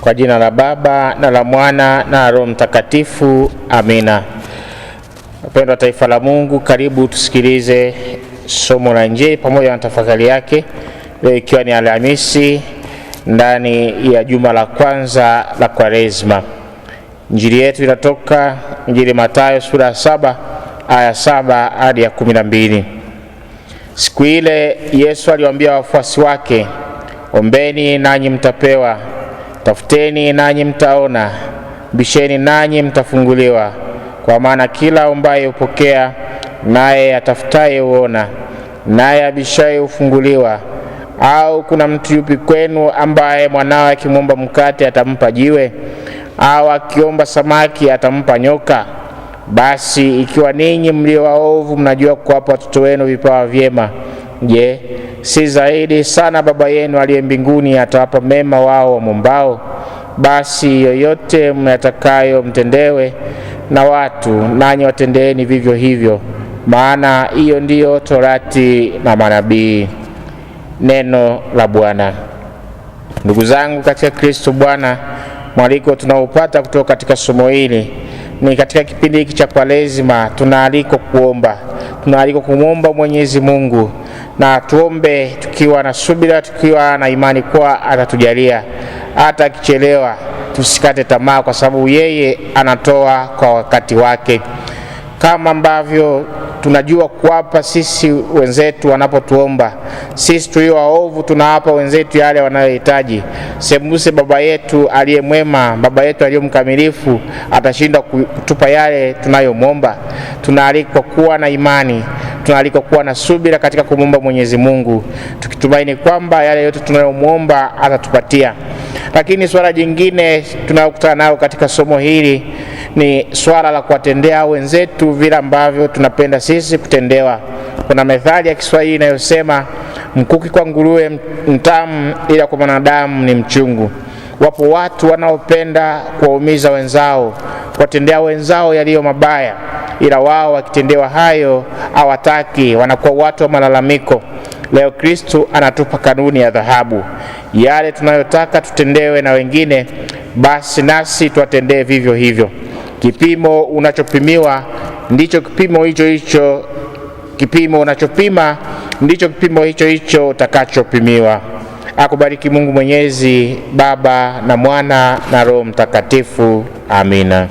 Kwa jina la Baba na la Mwana na Roho Mtakatifu, amina. Wapendwa taifa la Mungu, karibu tusikilize somo la Injili pamoja na tafakari yake, leo ikiwa ni Alhamisi ndani ya juma la kwanza la Kwaresma. Injili yetu inatoka Injili Mathayo sura ya saba aya saba hadi ya kumi na mbili. Siku ile Yesu aliwaambia wafuasi wake, ombeni nanyi mtapewa Tafuteni nanyi mtaona, bisheni nanyi mtafunguliwa. Kwa maana kila ombaye hupokea, naye atafutaye huona, naye abishaye hufunguliwa. Au kuna mtu yupi kwenu ambaye mwanawe akimwomba mkate atampa jiwe? Au akiomba samaki atampa nyoka? Basi ikiwa ninyi mlio waovu mnajua kuwapa watoto wenu vipawa vyema, je, si zaidi sana Baba yenu aliye mbinguni atawapa mema wao wamuombao. Basi yoyote myatakayo mtendewe na watu, nanyi watendeeni vivyo hivyo, maana hiyo ndiyo torati na manabii. Neno la Bwana. Ndugu zangu katika Kristo Bwana, mwaliko tunaopata kutoka katika somo hili ni katika kipindi hiki cha Kwaresima tunaalikwa kuomba, tunaalikwa kumwomba Mwenyezi Mungu na tuombe tukiwa na subira, tukiwa na imani kuwa atatujalia hata akichelewa. Tusikate tamaa, kwa sababu yeye anatoa kwa wakati wake, kama ambavyo tunajua kuwapa sisi wenzetu wanapotuomba sisi tulio waovu, tunawapa wenzetu yale wanayohitaji. Sembuse Baba yetu aliye mwema, Baba yetu aliye mkamilifu, atashinda kutupa yale tunayomwomba? Tunaalikwa kuwa na imani tunaalikwa kuwa na subira katika kumwomba Mwenyezi Mungu, tukitumaini kwamba yale yote tunayomwomba atatupatia. Lakini swala jingine tunayokutana nao katika somo hili ni swala la kuwatendea wenzetu vile ambavyo tunapenda sisi kutendewa. Kuna methali ya Kiswahili inayosema mkuki kwa nguruwe mtamu, ila kwa mwanadamu ni mchungu. Wapo watu wanaopenda kuwaumiza wenzao, kuwatendea wenzao yaliyo mabaya, ila wao wakitendewa hayo hawataki, wanakuwa watu wa malalamiko. Leo Kristo anatupa kanuni ya dhahabu: yale tunayotaka tutendewe na wengine, basi nasi tuwatendee vivyo hivyo. Kipimo unachopimiwa ndicho kipimo hicho hicho, kipimo unachopima ndicho kipimo hicho hicho utakachopimiwa. Akubariki Mungu Mwenyezi, Baba na Mwana na Roho Mtakatifu. Amina.